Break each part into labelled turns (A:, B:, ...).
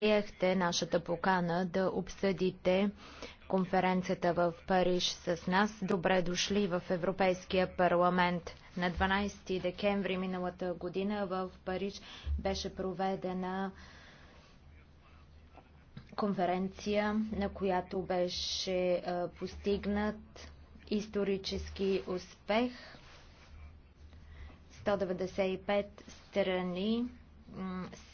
A: приехте нашата покана да обсъдите конференцията в Париж с нас. Добре дошли в Европейския парламент. На 12 декември миналата година в Париж беше проведена конференция, на която беше постигнат исторически успех. 195 страни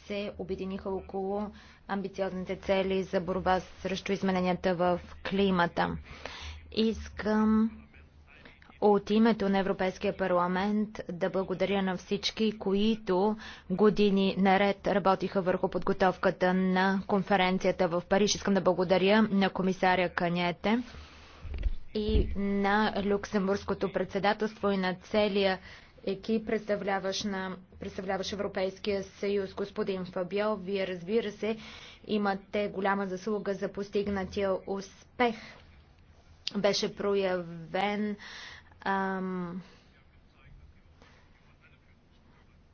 A: се обединиха около амбициозните цели за борба срещу измененията в климата. Искам от името на Европейския парламент да благодаря на всички, които години наред работиха върху подготовката на конференцията в Париж. Искам да благодаря на комисаря Канете и на Люксембургското председателство и на целия екип, представляваш на, представляваш Европейския съюз. Господин Фабио, вие разбира се, имате голяма заслуга за постигнатия успех. Беше проявен ам,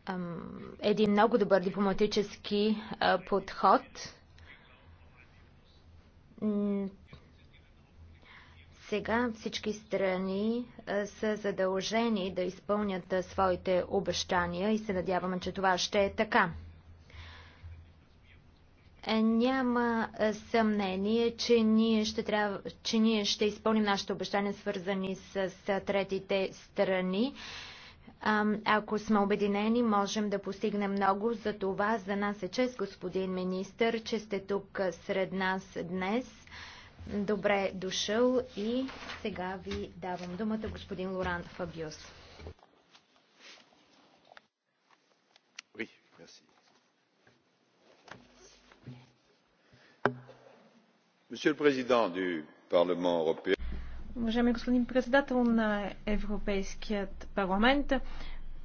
A: ам, един много добър дипломатически а, подход сега всички страни е, са задължени да изпълнят е, своите обещания и се надяваме, че това ще е така. Е, няма съмнение, че ние ще, трябва, че ние ще изпълним нашите обещания, свързани с, с третите страни. ако сме обединени, можем да постигнем много. За това за нас е чест, господин министр, че сте тук сред нас днес. Добре дошъл и сега ви давам думата господин Лоран Фабиус.
B: Уважаеми господин председател на Европейският парламент,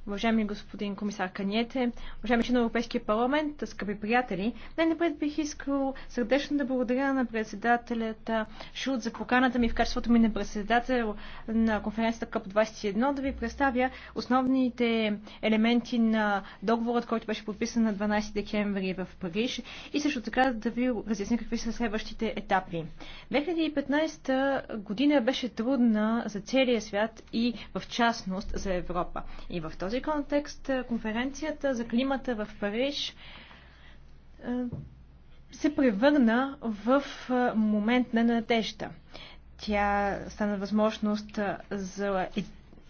B: уважаеми господин комисар Каниете, уважаеми член на Европейския парламент, скъпи приятели, най-напред бих искал сърдечно да благодаря на председателят Шут за поканата ми в качеството ми на председател на конференцията КАП-21 да ви представя основните елементи на договорът, който беше подписан на 12 декември в Париж и също така да ви разясня какви са следващите етапи. 2015 година беше трудна за целия свят и в частност за Европа. И в този този контекст е, конференцията за климата в Париж е, се превърна в е, момент на надежда. Тя стана възможност за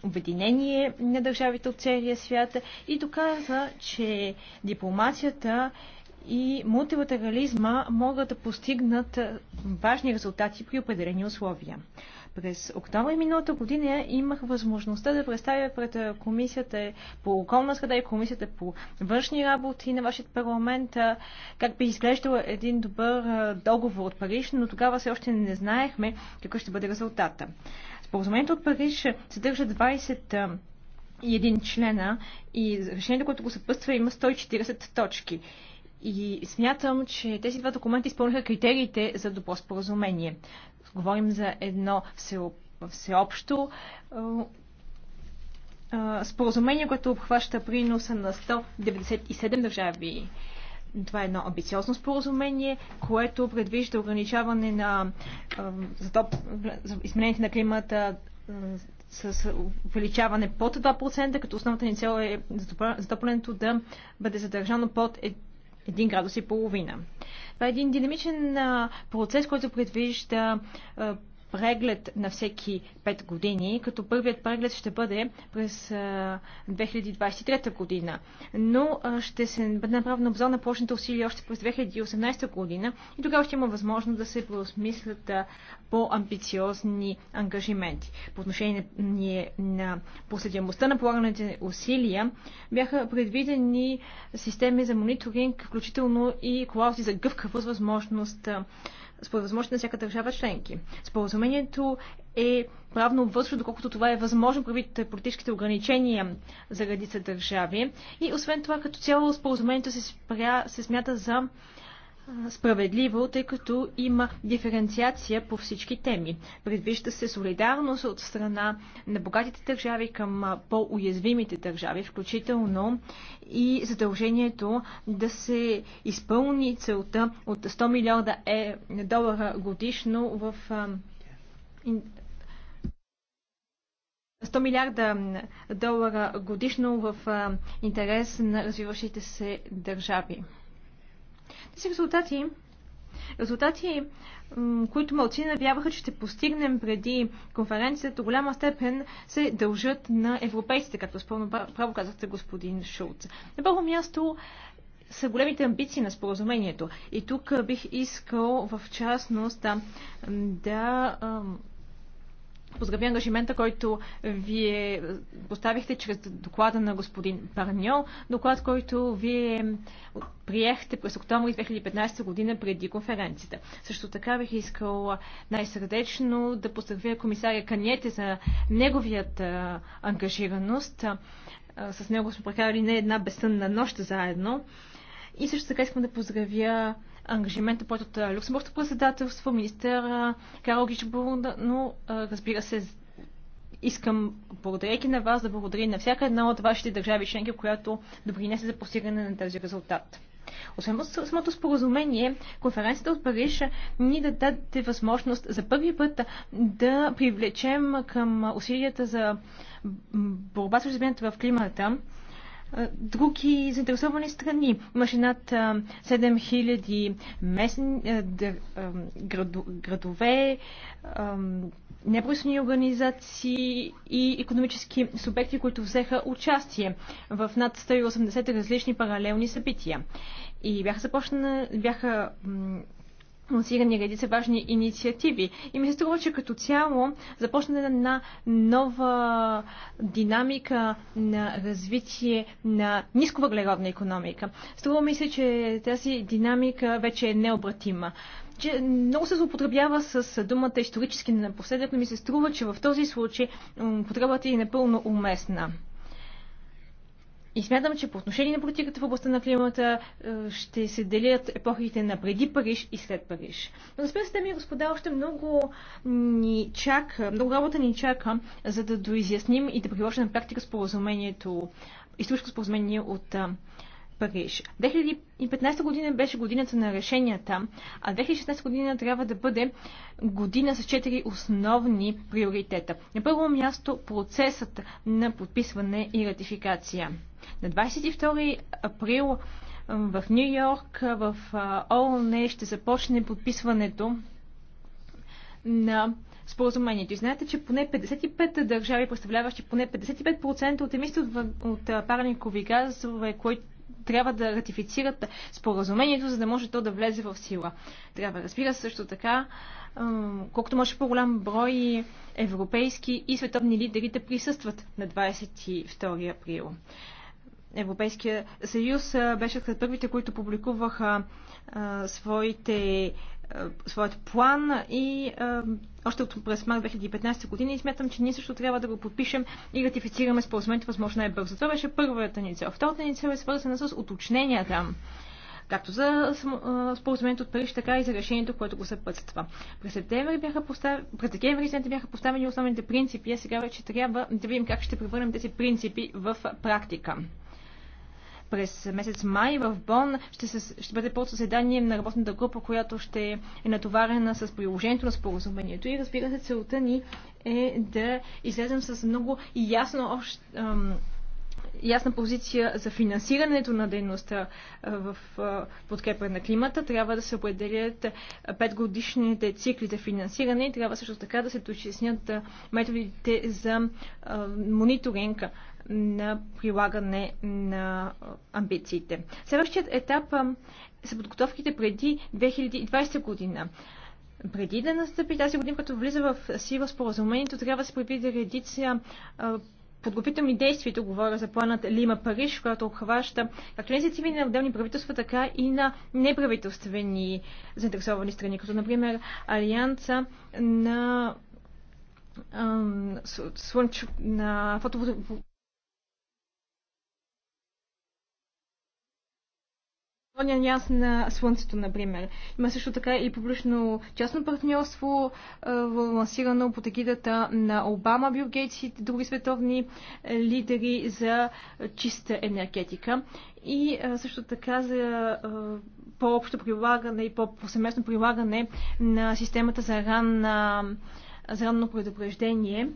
B: обединение на държавите от целия свят и доказа, че дипломацията и мултилатерализма могат да постигнат важни резултати при определени условия. През октомври миналата година имах възможността да представя пред Комисията по околна среда и Комисията по външни работи на вашия парламент как би изглеждал един добър договор от Париж, но тогава все още не знаехме какъв ще бъде резултата. Споразумението от Париж съдържа 20 и един члена и решението, което го съпътства, има 140 точки. И смятам, че тези два документа изпълниха критериите за добро споразумение. Говорим за едно всеобщо споразумение, което обхваща приноса на 197 държави. Това е едно амбициозно споразумение, което предвижда ограничаване на изменението на климата с увеличаване под 2%, като основната ни цел е затоплянето да бъде задържано под 1 градус и половина. Това е един динамичен процес, който предвижда преглед на всеки 5 години, като първият преглед ще бъде през 2023 година. Но ще се бъде направен обзор на площните усилия още през 2018 година и тогава ще има възможност да се преосмислят по-амбициозни ангажименти. По отношение на последимостта на полаганите усилия бяха предвидени системи за мониторинг, включително и клаузи за гъвкавост, възможност според възможност на всяка държава членки. Споразумението е правно обвързващо, доколкото това е възможно правите политическите ограничения за редица държави. И освен това, като цяло, споразумението се, спря, се смята за справедливо, тъй като има диференциация по всички теми. Предвижда се солидарност от страна на богатите държави към по-уязвимите държави, включително и задължението да се изпълни целта от 100 милиарда е, долара годишно в 100 милиарда долара годишно в интерес на развиващите се държави. Тези резултати Резултати, които мълци навяваха, че ще постигнем преди конференцията, до голяма степен се дължат на европейците, както спълно право казахте господин Шулц. На първо място са големите амбиции на споразумението. И тук бих искал в частност да, да поздравя ангажимента, който вие поставихте чрез доклада на господин Парньо, доклад, който вие приехте през октомври 2015 година преди конференцията. Също така бих искал най-сърдечно да поздравя комисаря Каньете за неговият ангажираност. С него сме прекарали не една безсънна нощ заедно. И също така искам да поздравя ангажимента, който от Люксембургското председателство, министър Карл Гичбурн, но разбира се, искам, благодарейки на вас, да благодаря на всяка една от вашите държави членки, която допринесе за постигане на този резултат. Освен самото споразумение, конференцията от Париж ни да даде възможност за първи път да привлечем към усилията за борба с изменението в климата други заинтересовани страни. Имаше над 7000 местни градове, непросни организации и економически субекти, които взеха участие в над 180 различни паралелни събития. И бяха започнали. бяха лансирани редица важни инициативи. И ми се струва, че като цяло започнане на нова динамика на развитие на нисковъглеродна економика. Струва ми се, че тази динамика вече е необратима че много се злоупотребява с думата исторически напоследък, но ми се струва, че в този случай потребата е напълно уместна. И смятам, че по отношение на политиката в областта на климата е, ще се делят епохите на преди Париж и след Париж. Но разбира се, дами и господа, още много ни чака, много работа ни чака, за да доизясним и да приложим на практика споразумението, историческо споразумение от Париж. 2015 година беше годината на решенията, а 2016 година трябва да бъде година с четири основни приоритета. На първо място процесът на подписване и ратификация. На 22 април в Нью Йорк, в Олне ще започне подписването на споразумението. И знаете, че поне 55 държави, представляващи поне 55% от емисиите от, от парникови газове, които трябва да ратифицират споразумението, за да може то да влезе в сила. Трябва, разбира се, също така, колкото може по-голям брой европейски и световни лидери да присъстват на 22 април. Европейския съюз беше сред първите, които публикуваха а, своите а, своят план и а, още от през март 2015 година и смятам, че ние също трябва да го подпишем и ратифицираме споразумението възможно най-бързо. Това беше първата ни цел. Втората ни цел е свързана с уточненията както за споразумението от Париж, така и за решението, което го съпътства. През септември бяха постав... през декември извинете, бяха поставени основните принципи, а сега вече трябва да видим как ще превърнем тези принципи в практика през месец май в Бон ще, се, ще бъде под съседание на работната група, която ще е натоварена с приложението на споразумението. И разбира се, целта ни е да излезем с много ясно общ, ам, ясна позиция за финансирането на дейността в подкрепа на климата. Трябва да се определят петгодишните цикли за финансиране и трябва също така да се дочиснят методите за мониторинг на прилагане на амбициите. Следващият етап са подготовките преди 2020 година. Преди да настъпи тази година, като влиза в сила споразумението, трябва да се предвиди редица подготвителни действия, тук говоря за планът Лима Париж, който обхваща както инициативи на отделни правителства, така и на неправителствени заинтересовани страни, като например Алианса на, на, на фотоволтаични зеления нюанс на слънцето, например. Има също така и публично-частно партньорство, лансирано под егидата на Обама, Бил Гейтс и други световни е, лидери за чиста енергетика. И също така за по-общо прилагане и по-повсеместно прилагане на системата за, ранна, за ранно предупреждение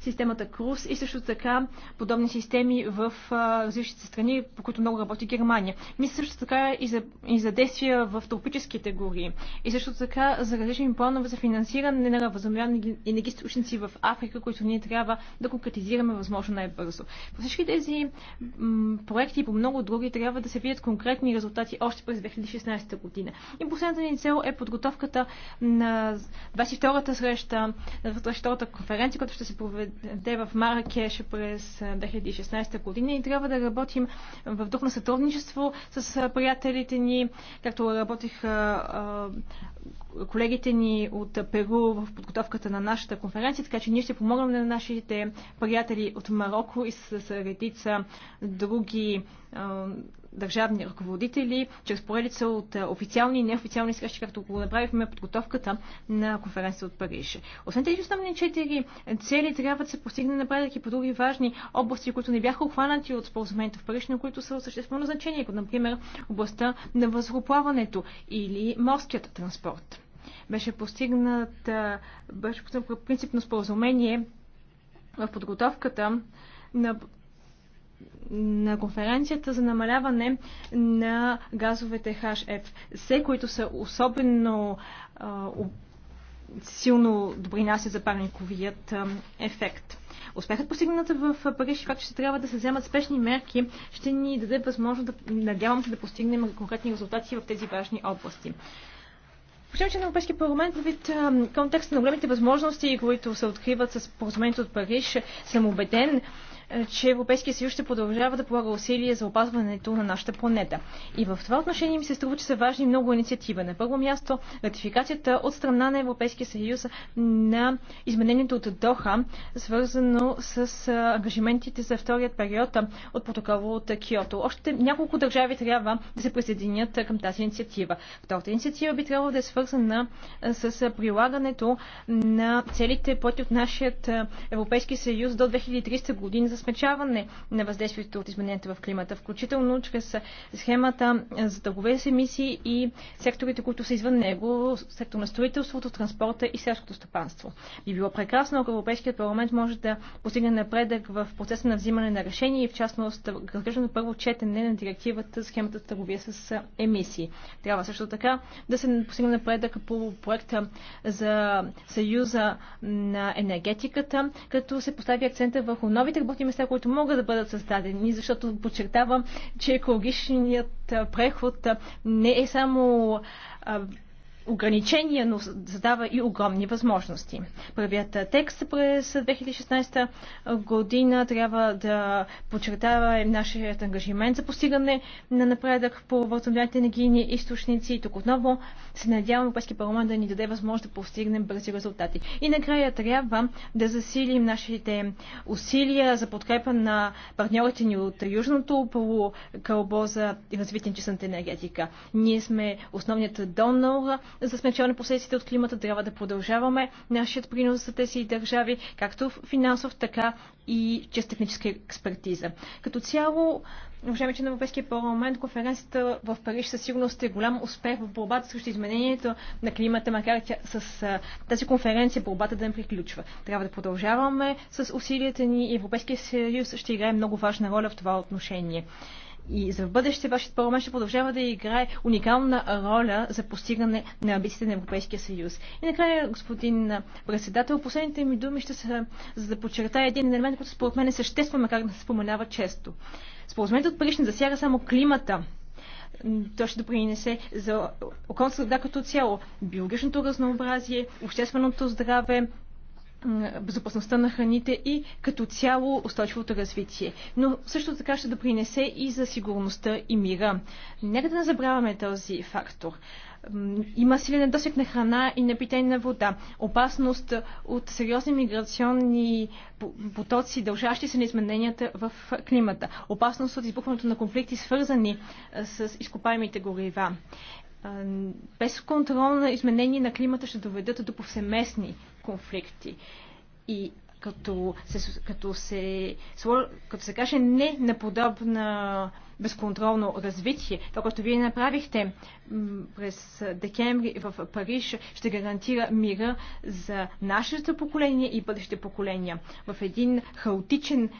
B: системата Крус и също така подобни системи в различните страни, по които много работи Германия. Мисля също така и за, и за действия в тропическите гори и също така за различни планове за финансиране на възобновяеми енергисточници в Африка, които ние трябва да конкретизираме възможно най-бързо. По всички тези проекти и по много други трябва да се видят конкретни резултати още през 2016 година. И последната ни цел е подготовката на 22-та среща, 22-та конференция, която ще се проведе проведе в Маракеш през 2016 година и трябва да работим в дух на сътрудничество с приятелите ни, както работиха колегите ни от Перу в подготовката на нашата конференция, така че ние ще помогнем на нашите приятели от Марокко и с редица други държавни ръководители, чрез поредица от официални и неофициални срещи, както го направихме подготовката на конференция от Париж. Освен тези основни четири цели, трябва да се постигне напредък и по други важни области, които не бяха обхванати от споразумението в Париж, но които са от съществено значение, като например областта на възроплаването или морският транспорт. Беше постигнат, беше постигнат принципно споразумение в подготовката на на конференцията за намаляване на газовете Се, които са особено а, силно допринася за парниковият ефект. Успехът постигната в Париж и факт, че ще трябва да се вземат спешни мерки, ще ни даде възможност да надявам се да постигнем конкретни резултати в тези важни области. Почнем, че на Европейския парламент, в контекста на големите възможности, които се откриват с поразумението от Париж, съм убеден, е, че Европейския съюз ще продължава да полага усилия за опазването на нашата планета. И в това отношение ми се струва, че са важни много инициативи. На първо място ратификацията от страна на Европейския съюз на изменението от Доха, свързано с е, ангажиментите за вторият период от протокола от Киото. Още няколко държави трябва да се присъединят към тази инициатива. Втората инициатива би трябвало да е свързана е, с прилагането на целите, поети от нашият Европейски съюз до 2300 години за смечаване на въздействието от измененията в климата, включително чрез схемата за дългове с емисии и секторите, които са извън него, сектор на строителството, транспорта и селското стопанство. Би било прекрасно, ако Европейският парламент може да постигне напредък в процеса на взимане на решения и в частност разглеждане първо четене на директивата схемата за търговия с емисии. Трябва също така да се постигне напредък по проекта за Съюза на енергетиката, като се постави акцента върху новите работни места, които могат да бъдат създадени, защото подчертавам, че екологичният преход не е само ограничения, но задава и огромни възможности. Първият текст през 2016 година трябва да подчертава нашият ангажимент за постигане на напредък по възобновяемите енергийни източници. тук отново се надявам Европейския парламент да ни даде възможност да постигнем бързи резултати. И накрая трябва да засилим нашите усилия за подкрепа на партньорите ни от Южното полукълбо за развитие на енергетика. Ние сме основният донор за смечаване последиците от климата трябва да продължаваме. Нашият принос за тези държави, както финансов, така и чрез техническа експертиза. Като цяло, уважаеми че на Европейския парламент, конференцията в Париж със сигурност е голям успех в борбата срещу изменението на климата, макар тя, с тази конференция борбата да не приключва. Трябва да продължаваме с усилията ни и Европейския съюз ще играе много важна роля в това отношение. И за в бъдеще вашият парламент ще продължава да играе уникална роля за постигане на амбициите на Европейския съюз. И накрая, господин председател, последните ми думи ще са за да подчертая един елемент, който според мен е съществен, макар да се споменава често. Споразумението от Париж не засяга само климата, то ще допринесе за околната среда като цяло, биологичното разнообразие, общественото здраве, безопасността на храните и като цяло устойчивото развитие. Но също така ще допринесе и за сигурността и мира. Нека да не забравяме този фактор. Има силен недостиг на храна и на вода. Опасност от сериозни миграционни потоци, дължащи се на измененията в климата. Опасност от избухването на конфликти, свързани с изкопаемите горива без контрол на изменение на климата ще доведат до повсеместни конфликти. И като се, като се, като се каже не на подобна безконтролно развитие, това, което вие направихте през декември в Париж, ще гарантира мира за нашето поколение и бъдещите поколения. В един хаотичен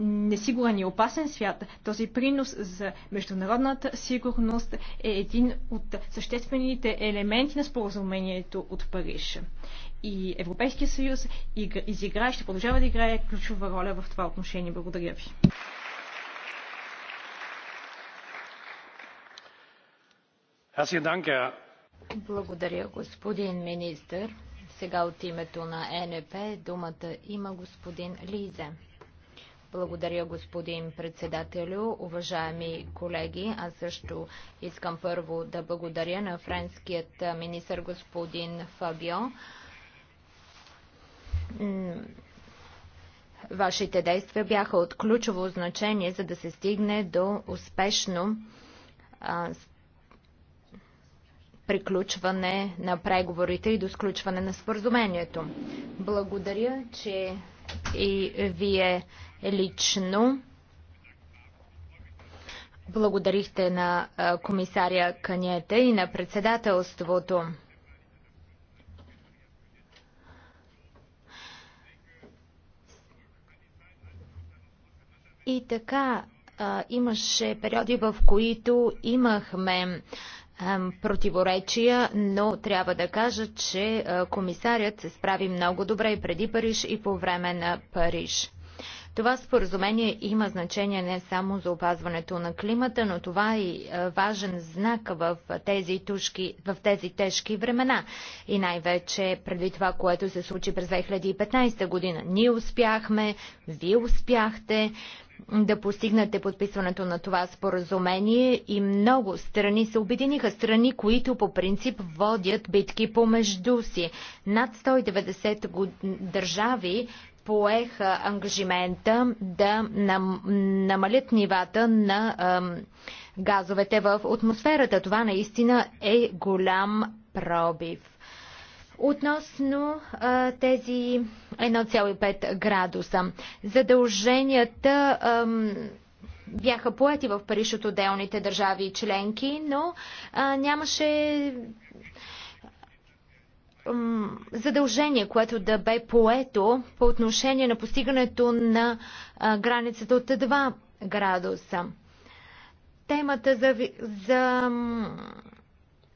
B: несигурен и опасен свят, този принос за международната сигурност е един от съществените елементи на споразумението от Париж и Европейския съюз изигра и ще продължава да играе ключова роля в това отношение. Благодаря ви.
A: Благодаря, господин министр. Сега от името на НП думата има господин Лизе. Благодаря, господин председателю. Уважаеми колеги, аз също искам първо да благодаря на френският министр господин Фабио Вашите действия бяха от ключово значение, за да се стигне до успешно приключване на преговорите и до сключване на споразумението. Благодаря, че и вие лично благодарихте на комисаря Канете и на председателството. И така, а, имаше периоди, в които имахме противоречия, но трябва да кажа, че комисарят се справи много добре и преди Париж и по време на Париж. Това споразумение има значение не само за опазването на климата, но това е и важен знак в тези, тушки, в тези тежки времена. И най-вече преди това, което се случи през 2015 година. Ние успяхме, вие успяхте да постигнете подписването на това споразумение и много страни се обединиха, страни, които по принцип водят битки помежду си. Над 190 год... държави поеха ангажимента да нам... намалят нивата на ам, газовете в атмосферата. Това наистина е голям пробив. Относно а, тези 1,5 градуса, задълженията ам, бяха поети в Париж от отделните държави и членки, но а, нямаше задължение, което да бе поето по отношение на постигането на границата от 2 градуса. Темата за, за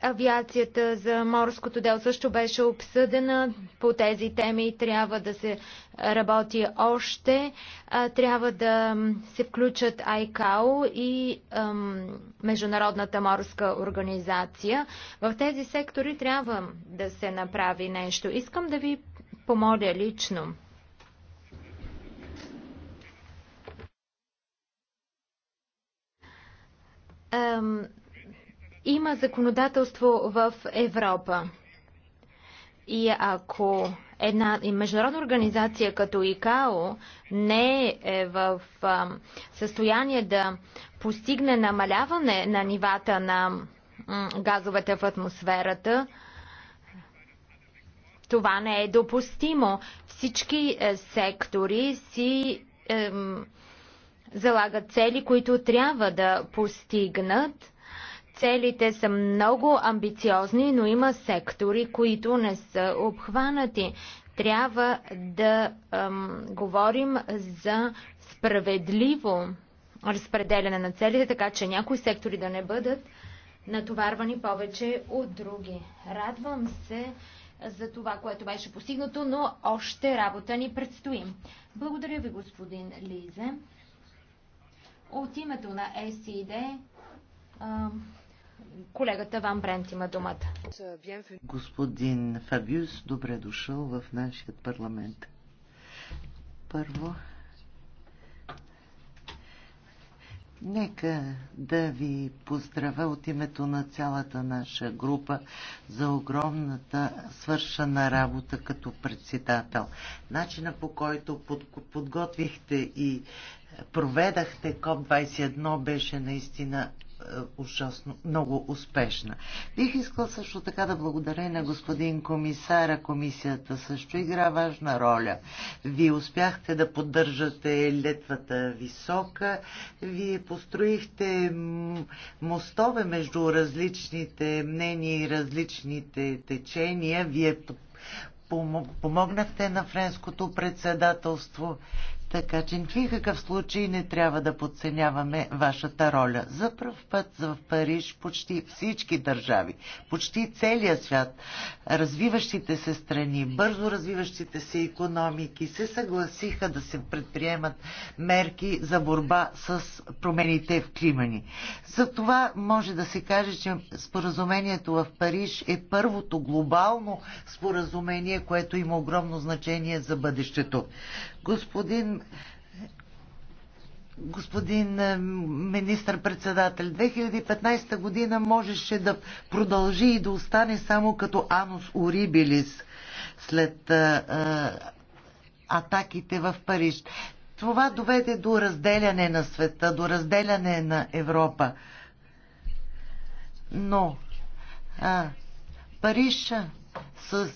A: Авиацията за морското дело също беше обсъдена. По тези теми трябва да се работи още. Трябва да се включат АйКАО и ам, Международната морска организация. В тези сектори трябва да се направи нещо. Искам да ви помоля лично. Ам, има законодателство в Европа. И ако една международна организация като ИКАО не е в състояние да постигне намаляване на нивата на газовете в атмосферата, това не е допустимо. Всички е, сектори си е, залагат цели, които трябва да постигнат Целите са много амбициозни, но има сектори, които не са обхванати. Трябва да ам, говорим за справедливо разпределяне на целите, така че някои сектори да не бъдат натоварвани повече от други. Радвам се за това, което беше постигнато, но още работа ни предстои. Благодаря ви, господин Лизе. От името на СИД Колегата Ван Брент има думата.
C: Господин Фабиус, добре дошъл в нашия парламент. Първо, Нека да ви поздравя от името на цялата наша група за огромната свършена работа като председател. Начина по който подготвихте и проведахте КОП-21 беше наистина е, ужасно, много успешна. Бих искал също така да благодаря на господин комисара. Комисията също игра важна роля. Вие успяхте да поддържате летвата висока. Вие построихте мостове между различните мнения и различните течения. Вие помогнахте на френското председателство така че в никакъв случай не трябва да подценяваме вашата роля. За първ път в Париж почти всички държави, почти целият свят, развиващите се страни, бързо развиващите се економики се съгласиха да се предприемат мерки за борба с промените в климани. За това може да се каже, че споразумението в Париж е първото глобално споразумение, което има огромно значение за бъдещето господин господин е, министър-председател, 2015 година можеше да продължи и да остане само като Анус Урибилис след а, е, а, е, атаките в Париж. Това доведе до разделяне на света, до разделяне на Европа. Но а, Париж с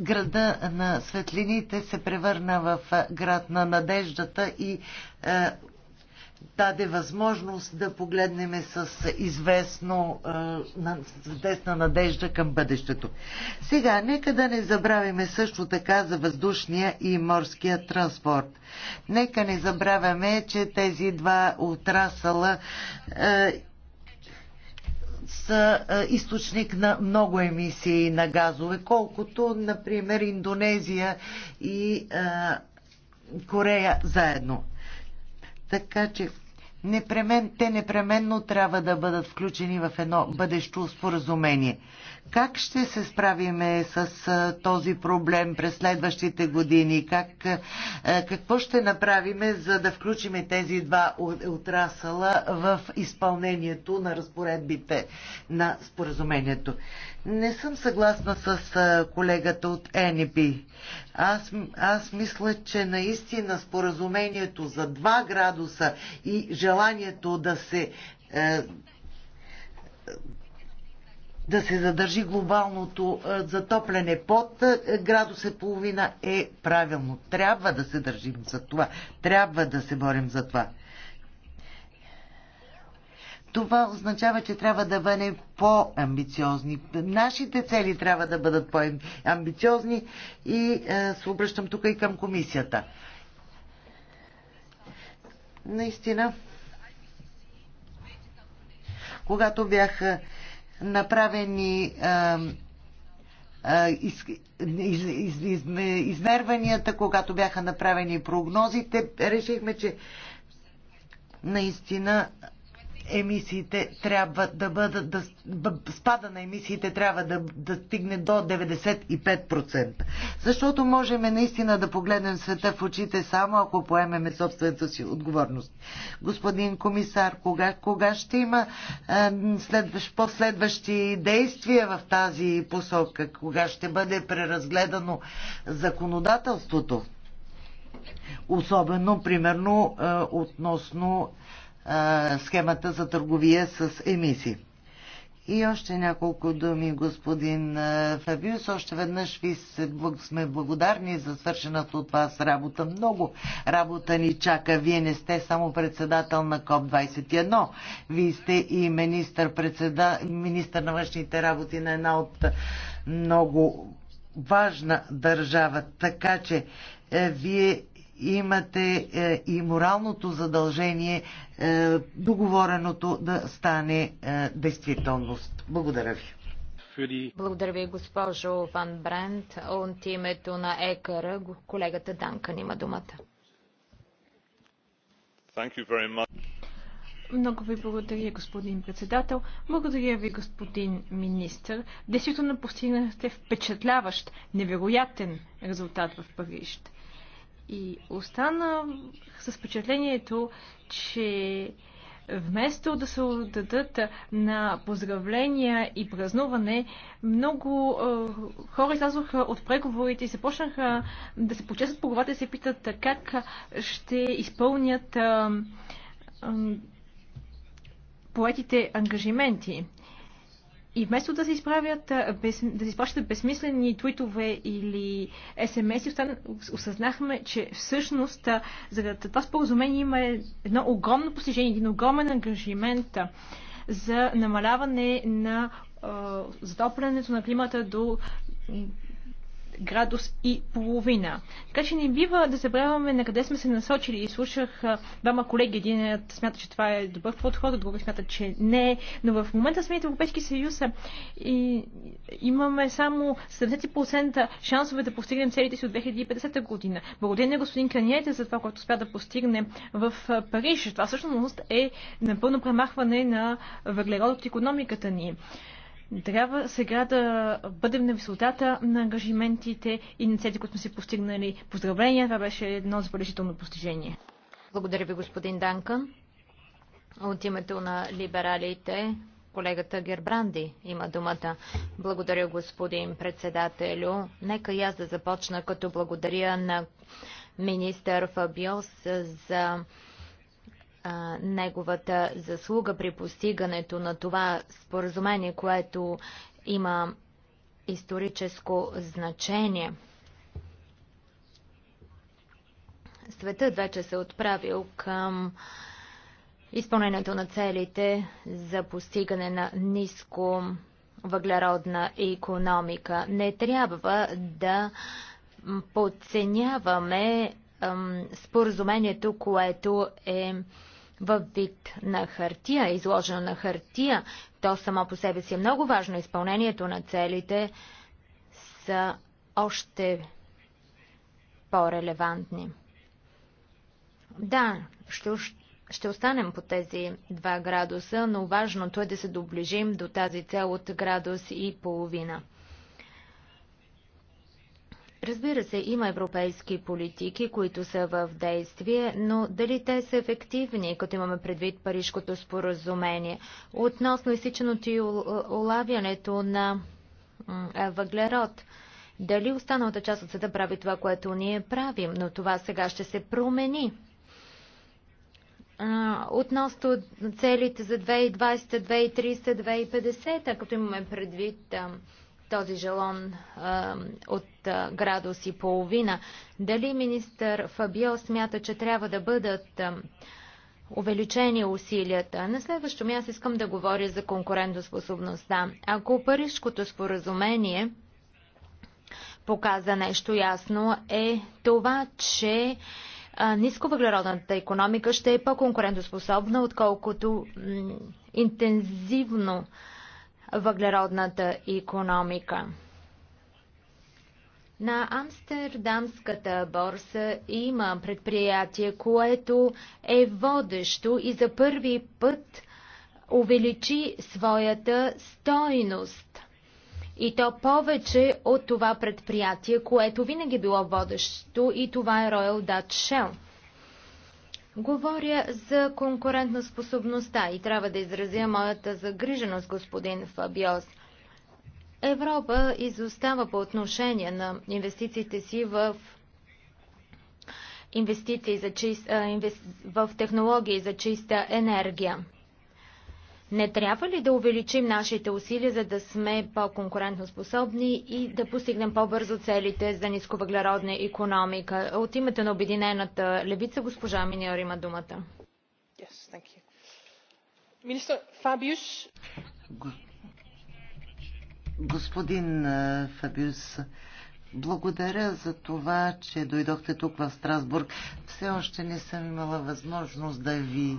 C: града на светлините се превърна в град на надеждата и е, даде възможност да погледнем с известно, е, на, надежда към бъдещето. Сега, нека да не забравяме също така за въздушния и морския транспорт. Нека не забравяме, че тези два отрасъла е, са източник на много емисии на газове, колкото, например, Индонезия и Корея заедно. Така че непремен, те непременно трябва да бъдат включени в едно бъдещо споразумение. Как ще се справиме с този проблем през следващите години? Как, какво ще направиме, за да включиме тези два отрасъла в изпълнението на разпоредбите на споразумението? Не съм съгласна с колегата от ЕНП. Аз, аз мисля, че наистина споразумението за 2 градуса и желанието да се е, да се задържи глобалното е, затопляне под е, градус и е половина е правилно. Трябва да се държим за това. Трябва да се борим за това. Това означава, че трябва да бъдем по-амбициозни. Нашите цели трябва да бъдат по-амбициозни и е, се обръщам тук и към комисията. Наистина, когато бяха направени измерванията, когато бяха направени прогнозите, решихме, че наистина емисиите трябва да бъдат, да, спада на емисиите трябва да, да стигне до 95%. Защото можем наистина да погледнем света в очите само ако поемеме собствената си отговорност. Господин комисар, кога, кога ще има е, следващ, последващи действия в тази посока? Кога ще бъде преразгледано законодателството? Особено, примерно, е, относно схемата за търговия с емисии. И още няколко думи, господин Фабиус. Още веднъж ви сме благодарни за свършената от вас работа. Много работа ни чака. Вие не сте само председател на КОП-21. Вие сте и министър, председа... министър на външните работи на една от много важна държава. Така че е, вие имате е, и моралното задължение е, договореното да стане е, действителност. Благодаря
B: ви.
A: Благодаря ви, госпожо Ван Брент. От името на ЕКР колегата Данкан има думата.
B: Много ви благодаря, господин председател. Благодаря ви, господин министр. Действително постигнахте впечатляващ, невероятен резултат в Париж. И остана с впечатлението, че вместо да се отдадат на поздравления и празнуване, много е, хора излязоха от преговорите и започнаха да се почесат по главата и се питат как ще изпълнят е, е, поетите ангажименти. И вместо да се изправят, да се изпращат безсмислени твитове или СМС, осъзнахме, че всъщност за това споразумение има едно огромно постижение, един огромен ангажимент за намаляване на затоплянето на климата до градус и половина. Така че не бива да забравяме на къде сме се насочили. И слушах двама колеги. Единият смята, че това е добър подход, другият смята, че не. Но в момента самите Европейски съюз и имаме само 70% шансове да постигнем целите си от 2050 година. Благодаря на господин Каниете за това, което успя да постигне в Париж. Това всъщност е напълно премахване на въглерод от економиката ни. Трябва сега да бъдем на висотата на ангажиментите и на целите, които сме си постигнали. Поздравления, това беше едно забележително постижение. Благодаря ви, господин Данкън. От името на
A: либералите, колегата Гербранди има думата. Благодаря, господин председателю. Нека и аз да започна като благодаря на министър Фабиос за неговата заслуга при постигането на това споразумение, което има историческо значение. Светът вече се е отправил към изпълнението на целите за постигане на ниско въглеродна економика. Не трябва да подценяваме споразумението, което е в вид на хартия, изложено на хартия, то само по себе си е много важно. Изпълнението на целите са още по-релевантни. Да, ще, ще останем по тези 2 градуса, но важното е да се доближим до тази цел от градус и половина. Разбира се, има европейски политики, които са в действие, но дали те са ефективни, като имаме предвид Парижкото споразумение? Относно изсичаното и улавянето на въглерод, дали останалата част от света прави това, което ние правим, но това сега ще се промени? Относно целите за 2020, 2030, 2050, като имаме предвид този жалон а, от а, градус и половина. Дали министър Фабио смята, че трябва да бъдат а, увеличени усилията? На следващо място искам да говоря за конкурентоспособността. Ако Парижското споразумение показа нещо ясно, е това, че нисковъглеродната економика ще е по-конкурентоспособна, отколкото интензивно въглеродната економика. На Амстердамската борса има предприятие, което е водещо и за първи път увеличи своята стойност. И то повече от това предприятие, което винаги е било водещо и това е Royal Dutch Shell. Говоря за конкурентна способността и трябва да изразя моята загриженост, господин Фабиос. Европа изостава по отношение на инвестициите си в инвестиции за чист, в технологии за чиста енергия. Не трябва ли да увеличим нашите усилия, за да сме по-конкурентоспособни и да постигнем по-бързо целите за нисковъглеродна економика? От името на Обединената левица госпожа Миньор има думата. Yes,
B: thank you. Министър Фабиус.
C: Господин Фабиус, благодаря за това, че дойдохте тук в Страсбург. Все още не съм имала възможност да ви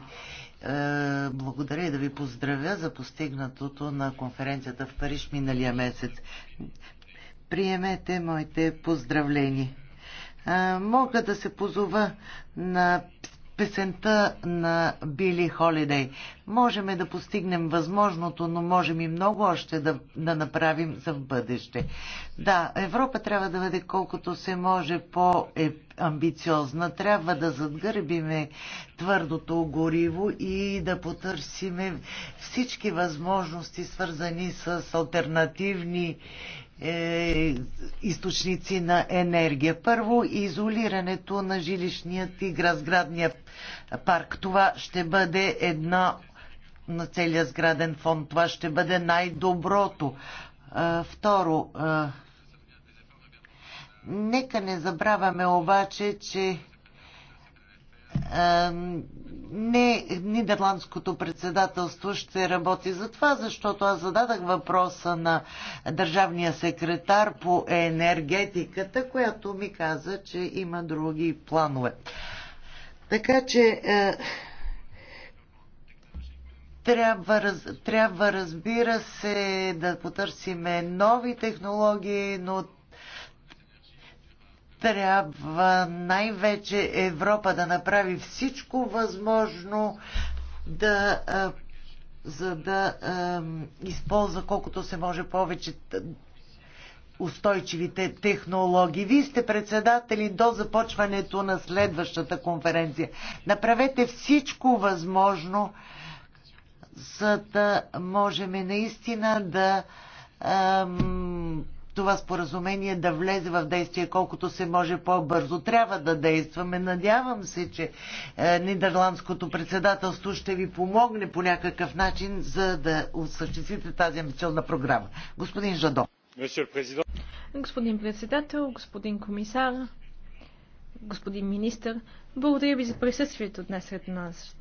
C: е, благодаря и да ви поздравя за постигнатото на конференцията в Париж миналия месец. Приемете моите поздравления. Е, мога да се позова на песента на Били Холидей. Можеме да постигнем възможното, но можем и много още да, да направим за в бъдеще. Да, Европа трябва да бъде колкото се може по- е, амбициозна. Трябва да задгърбиме твърдото гориво и да потърсиме всички възможности, свързани с альтернативни е, източници на енергия. Първо, изолирането на жилищният и градсградния парк. Това ще бъде една на целия сграден фонд. Това ще бъде най-доброто. Второ, Нека не забравяме обаче, че не нидерландското председателство ще работи за това, защото аз зададах въпроса на държавния секретар по енергетиката, която ми каза, че има други планове. Така че а, е, трябва, раз, трябва, разбира се, да потърсиме нови технологии, но трябва най-вече Европа да направи всичко възможно да за да е, използва колкото се може повече устойчивите технологии. Вие сте председатели до започването на следващата конференция. Направете всичко възможно, за да можем наистина да е, това споразумение да влезе в действие колкото се може по-бързо. Трябва да действаме. Надявам се, че е, Нидерландското председателство ще ви помогне по някакъв начин, за да осъществите тази амбициозна програма. Господин Жадо.
B: Господин председател, господин комисар, господин министр, благодаря ви за присъствието днес сред нас.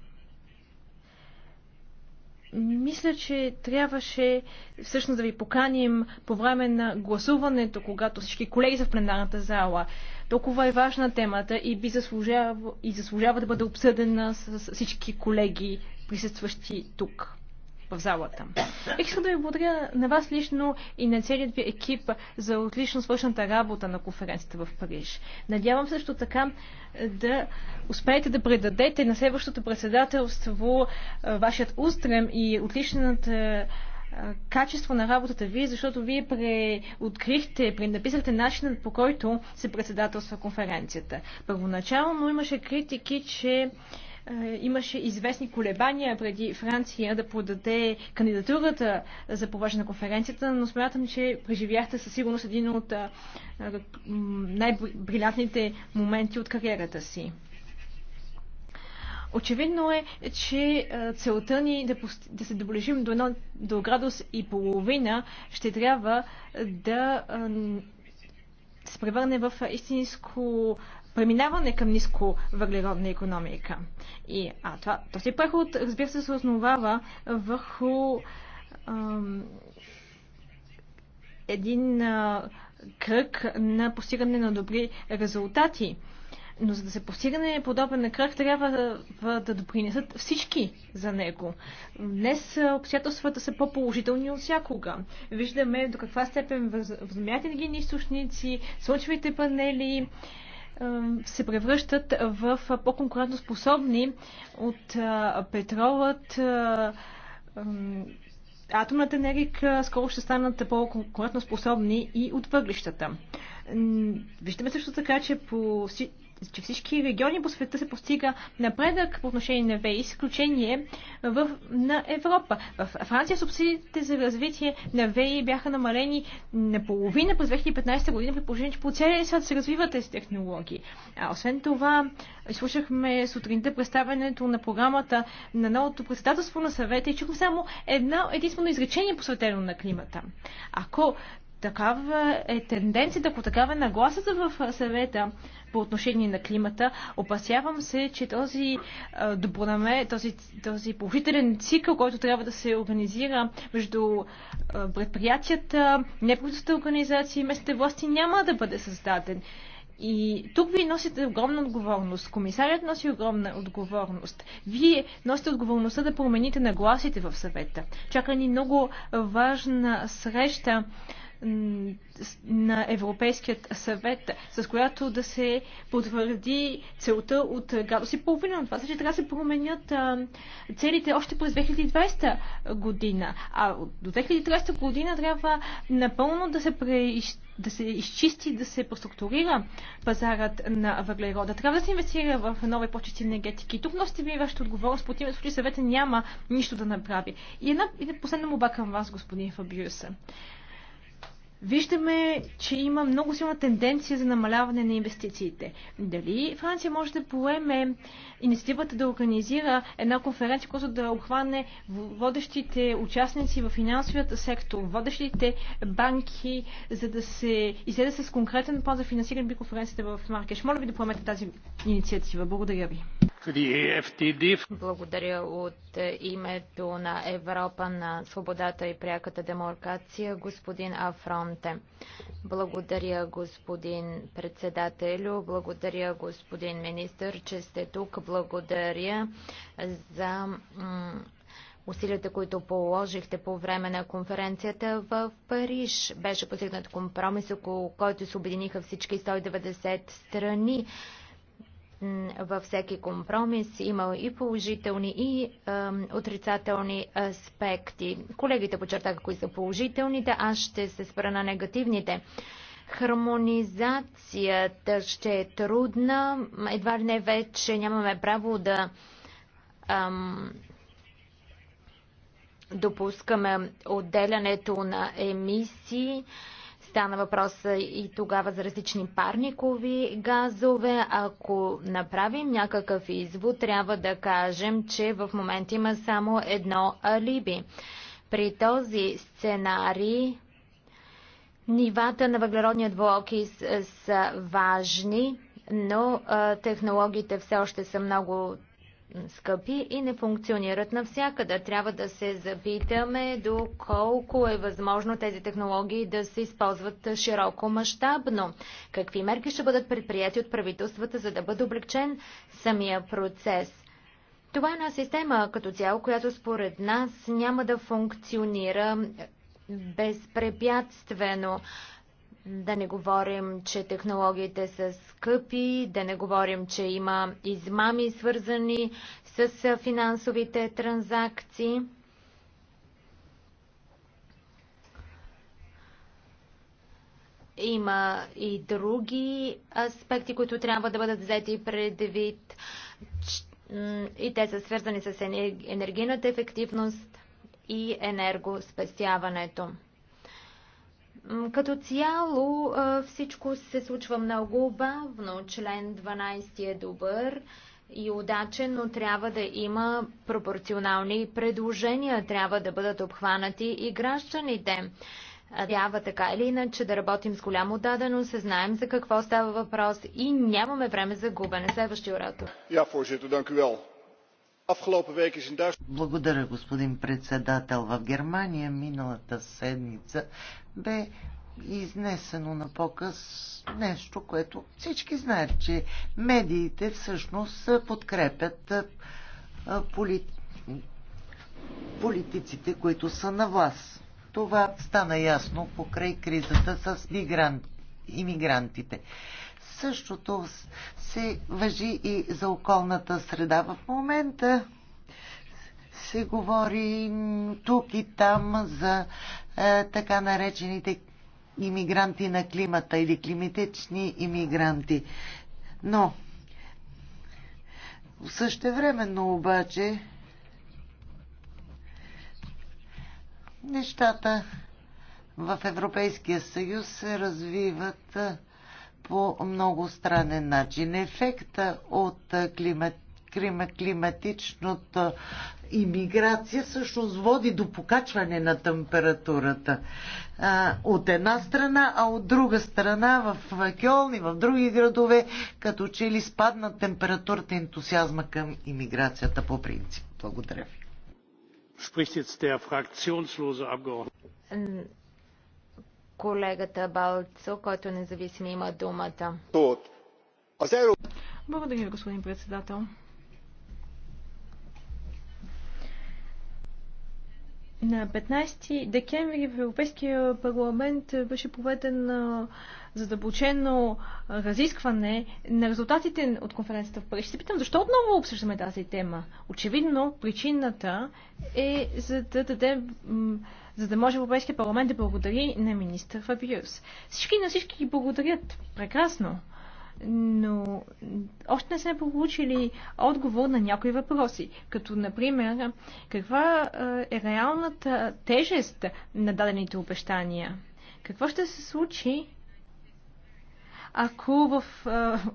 B: Мисля, че трябваше всъщност да ви поканим по време на гласуването, когато всички колеги са в пленарната зала. Толкова е важна темата и, би заслужава, и заслужава да бъде обсъдена с всички колеги, присъстващи тук в залата. Искам да ви благодаря на вас лично и на целият ви екип за отлично свършната работа на конференцията в Париж. Надявам също така да успеете да предадете на следващото председателство вашият устрем и отличната качество на работата ви, защото вие преоткрихте, пренаписахте начинът по който се председателства конференцията. Първоначално имаше критики, че е, имаше известни колебания преди Франция да подаде кандидатурата за поважане на конференцията, но смятам, че преживяхте със сигурност един от е, най-брилянтните моменти от кариерата си. Очевидно е, че е, целта ни да, пост... да се доближим до, едно, до градус и половина ще трябва да се превърне в истинско преминаване към ниско въглеродна економика. И а, това, този преход, разбира се, се основава върху ам, един а, кръг на постигане на добри резултати. Но за да се постигне подобен на кръг, трябва да, да допринесат всички за него. Днес обстоятелствата са по-положителни от всякога. Виждаме до каква степен възобновяемите ги източници, слънчевите панели, се превръщат в по-конкурентоспособни от петролът, атомната енергия, скоро ще станат по-конкурентоспособни и от въглищата. Виждаме също така, че по че всички региони по света се постига напредък по отношение на ВЕИ, изключение в, на Европа. В Франция субсидиите за развитие на ВЕИ бяха намалени наполовина през 2015 година, при положение, че по целия свят се развиват тези технологии. А освен това, слушахме сутринта представянето на програмата на новото председателство на съвета и чухме само едно единствено изречение посветено на климата. Ако такава е тенденцията, ако такава е нагласата в съвета по отношение на климата, опасявам се, че този добронаме, този, този положителен цикъл, който трябва да се организира между предприятията, неправителствените организации и местните власти, няма да бъде създаден. И тук ви носите огромна отговорност. Комисарят носи огромна отговорност. Вие носите отговорността да промените нагласите в съвета. Чака ни много важна среща на Европейският съвет, с която да се потвърди целта от градус и половина. Това значи трябва да се променят целите още през 2020 година. А до 2030 година трябва напълно да се преизчисти да се изчисти, да се проструктурира пазарът на въглерода. Трябва да се инвестира в нови почести енергетики. Тук носите ви е вашето отговорност. В противен случай съвета няма нищо да направи. И една и последна му към вас, господин Фабиуса виждаме, че има много силна тенденция за намаляване на инвестициите. Дали Франция може да поеме инициативата да организира една конференция, която да обхване водещите участници в финансовият сектор, водещите банки, за да се излезе с конкретен план за финансиране би конференцията в Маркеш. Моля ви да поемете тази инициатива. Благодаря ви. Благодаря от името на
A: Европа на свободата и пряката демаркация, господин Афронте. Благодаря, господин председателю, благодаря, господин министр, че сте тук. Благодаря за усилията, които положихте по време на конференцията в Париж. Беше постигнат компромис, около който се обединиха всички 190 страни във всеки компромис има и положителни, и а, отрицателни аспекти. Колегите почертаха кои са положителните, аз ще се спра на негативните. Хармонизацията ще е трудна. Едва ли не вече нямаме право да ам, допускаме отделянето на емисии. Стана въпрос и тогава за различни парникови газове. Ако направим някакъв извод, трябва да кажем, че в момента има само едно алиби. При този сценарий нивата на въглеродния двуокис са важни, но технологиите все още са много скъпи и не функционират навсякъде. Трябва да се запитаме доколко е възможно тези технологии да се използват широко мащабно. Какви мерки ще бъдат предприяти от правителствата, за да бъде облегчен самия процес? Това е една система като цяло, която според нас няма да функционира безпрепятствено. Да не говорим, че технологиите са скъпи, да не говорим, че има измами свързани с финансовите транзакции. Има и други аспекти, които трябва да бъдат взети предвид и те са свързани с енергийната ефективност и енергоспестяването. Като цяло всичко се случва много бавно. Член 12 е добър и удачен, но трябва да има пропорционални предложения. Трябва да бъдат обхванати и гражданите. Трябва така или иначе да работим с голямо дадено, се знаем за какво става въпрос и нямаме време за губене. Следващия оратор.
C: Ja, благодаря, господин председател. В Германия миналата седмица бе изнесено на показ нещо, което всички знаят, че медиите всъщност подкрепят полит... политиците, които са на власт. Това стана ясно покрай кризата с мигрант... иммигрантите. Същото се въжи и за околната среда. В момента се говори тук и там за е, така наречените иммигранти на климата или климатични иммигранти. Но същевременно обаче нещата в Европейския съюз се развиват е, по много странен начин. Ефекта от климат, клима, климатичната всъщност води до покачване на температурата. А, от една страна, а от друга страна в Кьолн и в други градове, като че ли спадна температурата и ентусиазма към имиграцията по принцип. Благодаря ви.
A: Колегата Балцо, който независимо има думата. Благодаря ви, господин председател.
B: На 15 декември в Европейския парламент беше проведен задълбочено разискване на резултатите от конференцията в Париж. Се питам, защо отново обсъждаме тази тема? Очевидно, причината е за да дадем за да може Европейския парламент да благодари на министър Фабиус. Всички на всички ги благодарят. Прекрасно. Но още не сме получили отговор на някои въпроси, като например каква е реалната тежест на дадените обещания. Какво ще се случи, ако, в,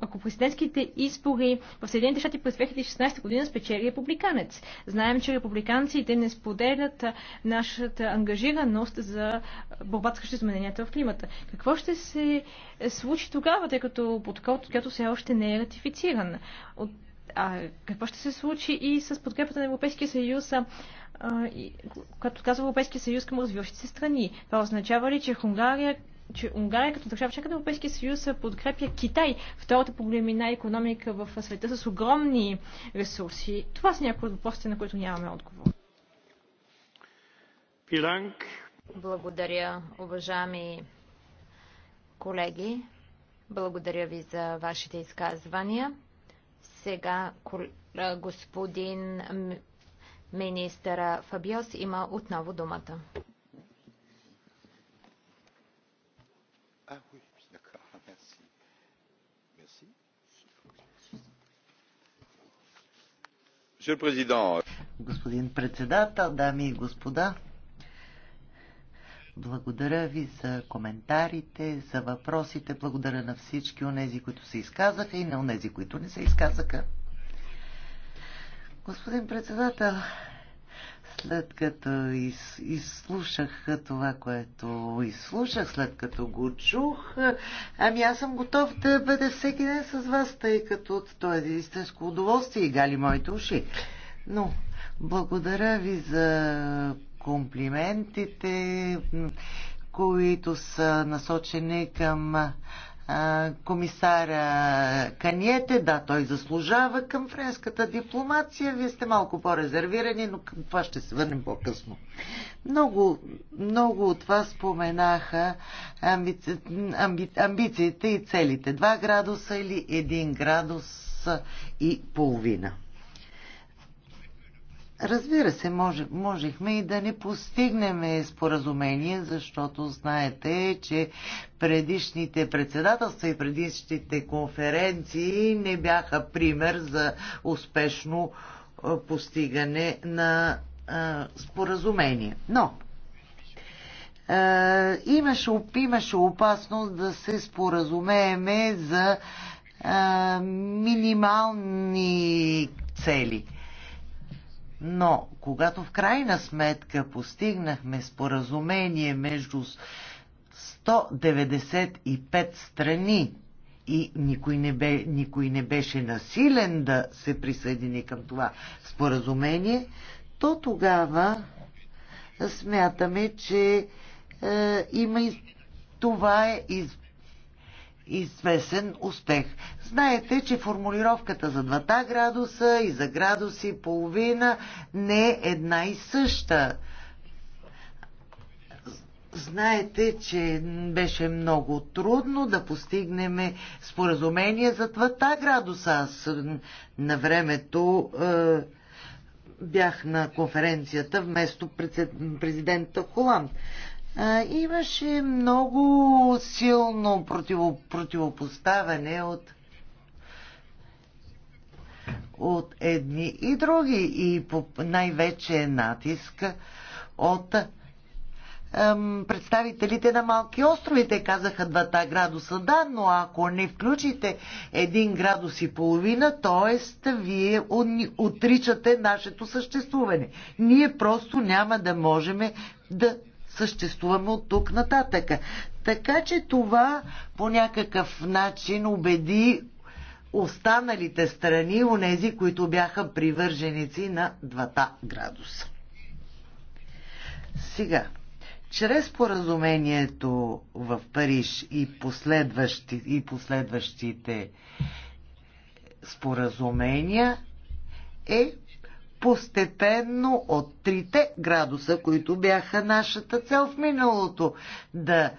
B: ако президентските избори в Съединените щати през 2016 година спечели републиканец. Знаем, че републиканците не споделят нашата ангажираност за борбата срещу измененията в климата. Какво ще се случи тогава, тъй като протоколът, който все още не е ратифициран? От а какво ще се случи и с подкрепата на Европейския съюз, като казва Европейския съюз към развиващите страни? Това означава ли, че Хунгария че Унгария като държава чака на Европейския съюз подкрепя Китай, втората по големина економика в света с огромни ресурси. Това са някои от въпросите, на които нямаме отговор. Пиланг.
A: Благодаря, уважаеми колеги. Благодаря ви за вашите изказвания. Сега господин министъра Фабиос има отново думата.
C: Господин председател, дами и господа, благодаря ви за коментарите, за въпросите. Благодаря на всички тези, които се изказаха и на тези, които не се изказаха. Господин председател, след като из, изслушах това, което изслушах, след като го чух, ами аз съм готов да бъда всеки ден с вас, тъй като това е истинско удоволствие и гали моите уши. Но благодаря ви за комплиментите, които са насочени към комисара Каниете, да, той заслужава към френската дипломация. Вие сте малко по-резервирани, но към това ще се върнем по-късно. Много, много от вас споменаха амби... Амби... амбициите и целите. Два градуса или един градус и половина. Разбира се, може, можехме и да не постигнем споразумение, защото знаете, че предишните председателства и предишните конференции не бяха пример за успешно е, постигане на а, е, споразумение. Но а, е, имаше, имаше опасност да се споразумееме за а, минимални цели. Но когато в крайна сметка постигнахме споразумение между 195 страни и никой не, бе, никой не беше насилен да се присъедини към това споразумение, то тогава смятаме, че е, има и това е из, известен успех. Знаете, че формулировката за 2 градуса и за градуси и половина не е една и съща. Знаете, че беше много трудно да постигнем споразумение за 2 градуса. Аз на времето е, бях на конференцията вместо президента Холанд имаше много силно противо, противопоставяне от от едни и други и по най-вече е натиск от ем, представителите на малки острови. Те казаха двата градуса, да, но ако не включите един градус и половина, т.е. вие отричате нашето съществуване. Ние просто няма да можем да съществуваме от тук нататък. Така че това по някакъв начин убеди останалите страни, онези, които бяха привърженици на двата градуса. Сега, чрез поразумението в Париж и, последващи, и последващите споразумения е постепенно от трите градуса, които бяха нашата цел в миналото, да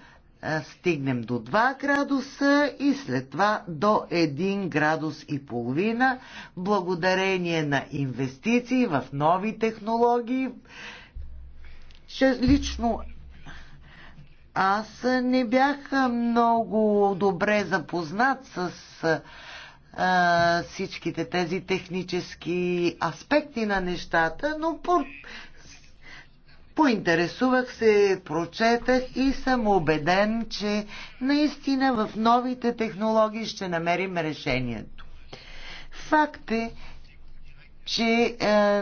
C: стигнем до 2 градуса и след това до 1 градус и половина, благодарение на инвестиции в нови технологии. Ще лично аз не бях много добре запознат с а, всичките тези технически аспекти на нещата, но по, поинтересувах се, прочетах и съм убеден, че наистина в новите технологии ще намерим решението. Факт е, че е,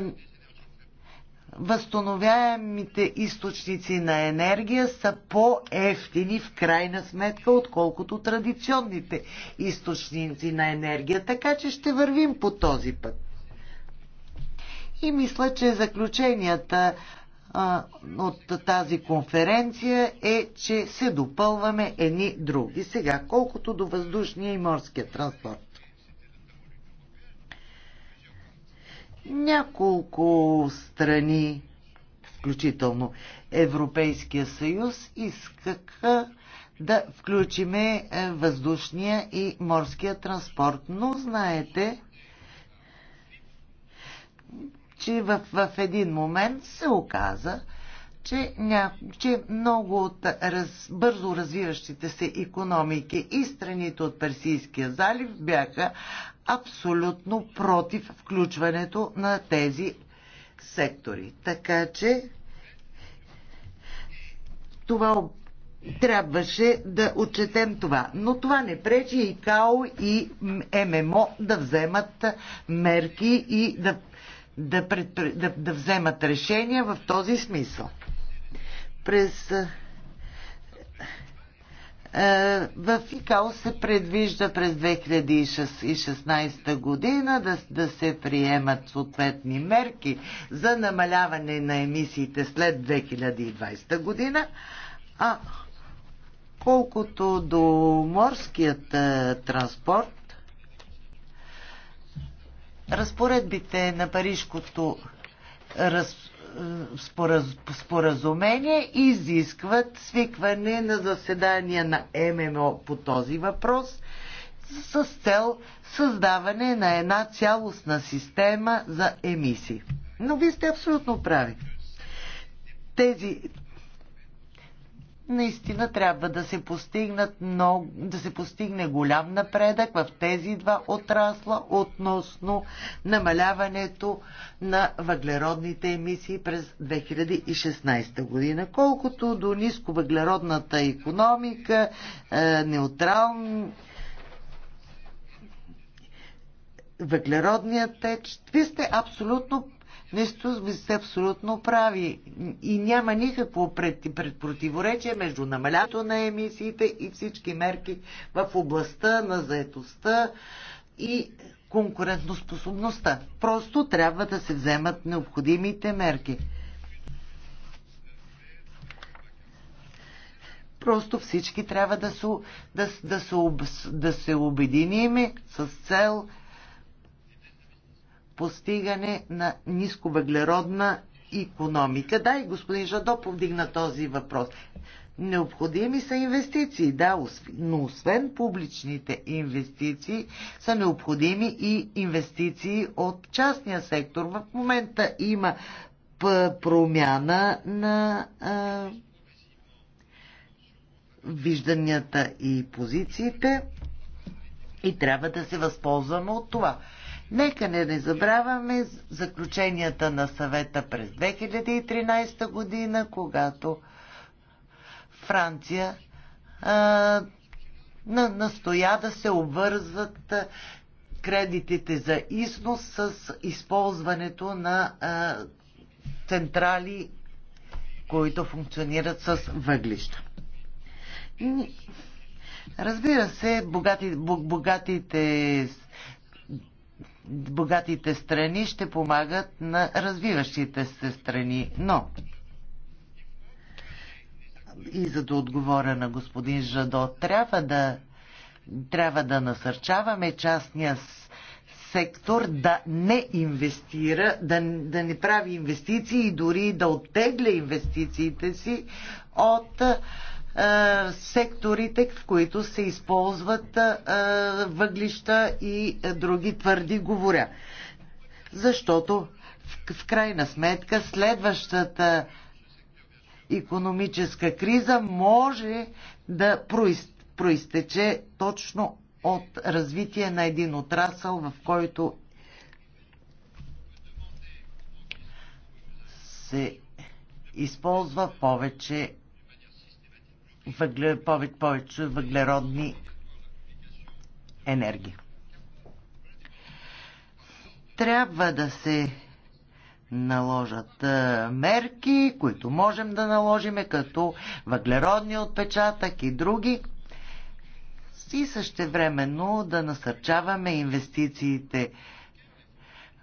C: възстановяемите източници на енергия са по-ефтини в крайна сметка, отколкото традиционните източници на енергия. Така че ще вървим по този път. И мисля, че заключенията от тази конференция е, че се допълваме едни други. Сега, колкото до въздушния и морския транспорт. Няколко страни, включително Европейския съюз, искаха да включиме е, въздушния и морския транспорт. Но знаете, че в, в един момент се оказа, че, ня, че много от раз, бързо развиващите се економики и страните от Персийския залив бяха абсолютно против включването на тези сектори. Така че това трябваше да отчетем това. Но това не пречи и КАО и ММО да вземат мерки и да, да, предпри, да, да вземат решения в този смисъл. През в ИКАО се предвижда през 2016 година да, да се приемат съответни мерки за намаляване на емисиите след 2020 година, а колкото до морският транспорт, разпоредбите на Парижкото раз, споразумение изискват свикване на заседания на ММО по този въпрос с цел създаване на една цялостна система за емисии. Но вие сте абсолютно прави. Тези, наистина трябва да се, постигнат много, да се постигне голям напредък в тези два отрасла относно намаляването на въглеродните емисии през 2016 година. Колкото до ниско въглеродната економика, е, неутрални въглеродният теч. Вие сте абсолютно Нещо сте абсолютно прави и няма никакво пред, пред противоречие между намалято на емисиите и всички мерки в областта на заетостта и конкурентоспособността. Просто трябва да се вземат необходимите мерки. Просто всички трябва да се, да, да се, да се обединиме с цел постигане на нисковъглеродна економика. Да, и господин Жадо повдигна този въпрос. Необходими са инвестиции, да, но освен публичните инвестиции са необходими и инвестиции от частния сектор. В момента има промяна на а, вижданията и позициите и трябва да се възползваме от това. Нека не, не забравяме заключенията на съвета през 2013 година, когато Франция а, на, настоя да се обвързват кредитите за износ с използването на а, централи, които функционират с въглища. Разбира се, богати, богатите богатите страни ще помагат на развиващите се страни. Но и за да отговоря на господин Жадо, трябва да, трябва да насърчаваме частния сектор да не инвестира, да, да не прави инвестиции и дори да оттегля инвестициите си от е, секторите, в които се използват е, въглища и е, други твърди говоря. Защото в крайна сметка следващата економическа криза може да проистече точно от развитие на един отрасъл, в който се използва повече въгле, повече, повече въглеродни енергии. Трябва да се наложат мерки, които можем да наложиме, като въглеродния отпечатък и други, и също времено да насърчаваме инвестициите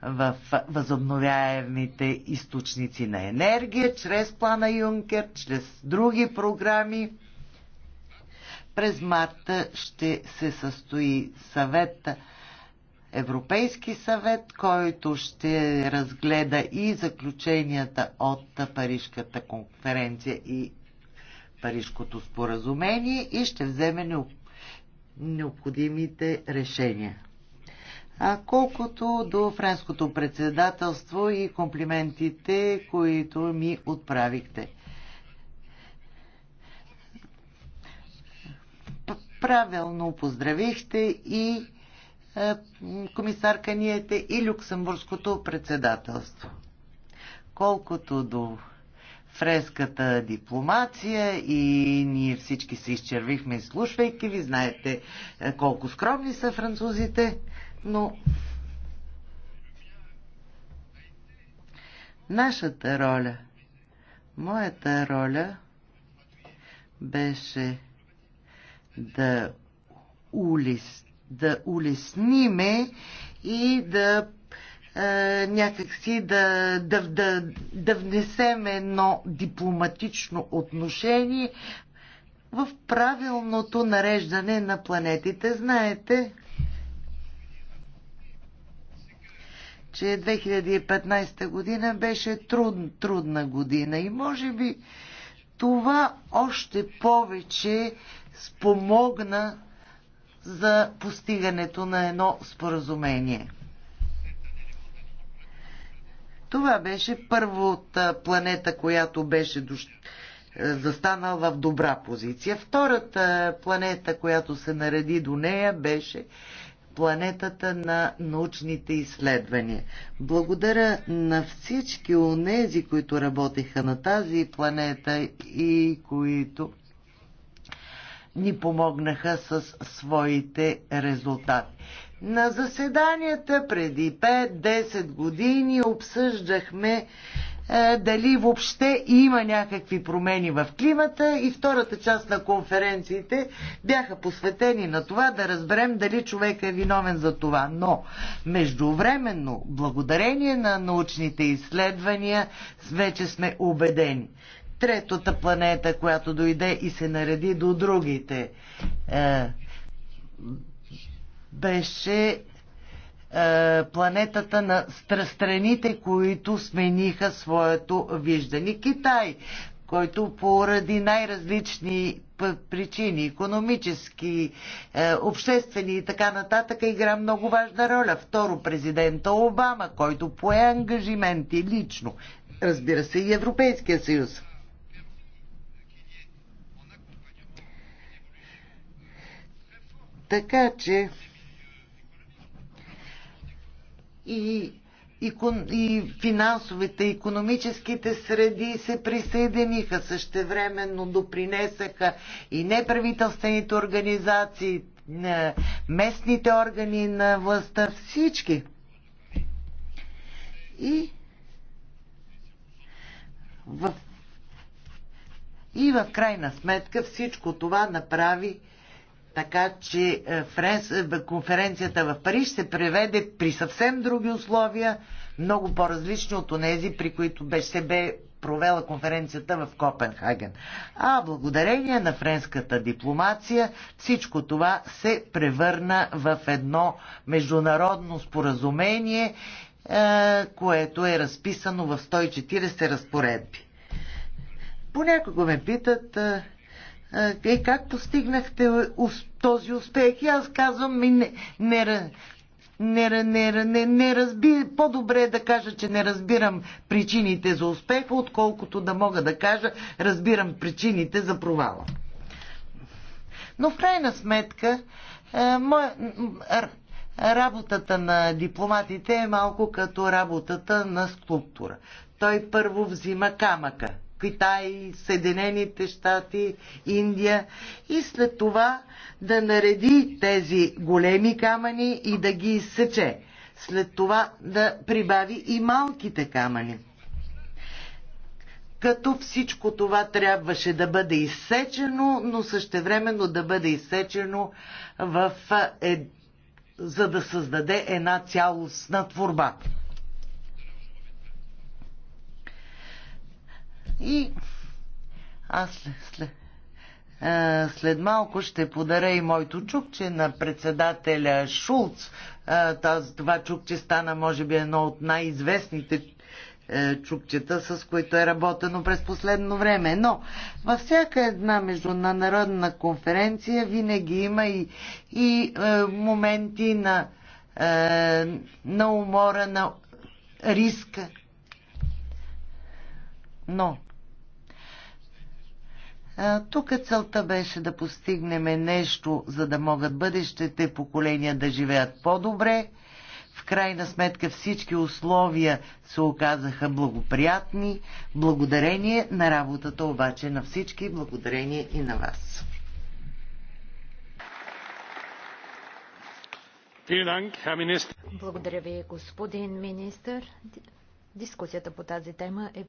C: в възобновяемите източници на енергия, чрез плана Юнкер, чрез други програми. През марта ще се състои съвет, Европейски съвет, който ще разгледа и заключенията от Парижката конференция и Парижкото споразумение и ще вземе необходимите решения. А колкото до френското председателство и комплиментите, които ми отправихте. правилно поздравихте и е, комисар Каниете и Люксембургското председателство. Колкото до фреската дипломация и ние всички се изчервихме слушвайки ви. Знаете е, колко скромни са французите, но нашата роля, моята роля беше да, улес, да улесниме и да е, някакси да, да, да, да внесем едно дипломатично отношение в правилното нареждане на планетите. Знаете, че 2015 година беше труд, трудна година и може би това още повече спомогна за постигането на едно споразумение. Това беше първата планета, която беше дош... Е, застанала в добра позиция. Втората планета, която се нареди до нея, беше планетата на научните изследвания. Благодаря на всички онези, които работеха на тази планета и които ни помогнаха с своите резултати. На заседанията преди 5-10 години обсъждахме е, дали въобще има някакви промени в климата и втората част на конференциите бяха посветени на това да разберем дали човек е виновен за това. Но междувременно, благодарение на научните изследвания, вече сме убедени, третата планета, която дойде и се нареди до другите. Е, беше е, планетата на страните, които смениха своето виждане. Китай, който поради най-различни причини, економически, е, обществени и така нататък, игра много важна роля. Второ, президента Обама, който пое ангажименти лично, разбира се, и Европейския съюз. Така че и и финансовите, и економическите среди се присъединиха същевременно, допринесаха и неправителствените организации, местните органи на властта, всички. И в, и в крайна сметка всичко това направи така че е, Френс, е, конференцията в Париж се преведе при съвсем други условия, много по-различни от онези, при които беше се бе провела конференцията в Копенхаген. А благодарение на френската дипломация всичко това се превърна в едно международно споразумение, е, което е разписано в 140 разпоредби. Понякога ме питат е, как постигнахте този успех? И аз казвам, ми не, не, не, не, не, не разби... по-добре е да кажа, че не разбирам причините за успеха, отколкото да мога да кажа, разбирам причините за провала. Но в крайна сметка, е, моя, работата на дипломатите е малко като работата на скулптура. Той първо взима камъка, Китай, Съединените щати, Индия и след това да нареди тези големи камъни и да ги изсече. След това да прибави и малките камъни. Като всичко това трябваше да бъде изсечено, но същевременно да бъде изсечено в е, за да създаде една цялостна творба. И аз след, след, след малко ще подаря и моето чукче на председателя Шулц. Това чукче стана, може би, едно от най-известните е, чукчета, с които е работено през последно време. Но във всяка една международна конференция винаги има и, и е, моменти на, е, на умора, на риска. Но тук целта беше да постигнем нещо, за да могат бъдещите поколения да живеят по-добре. В крайна сметка всички условия се оказаха благоприятни, благодарение на работата обаче на всички, благодарение и на вас.
A: Благодаря ви, господин министр. Дискусията по тази тема е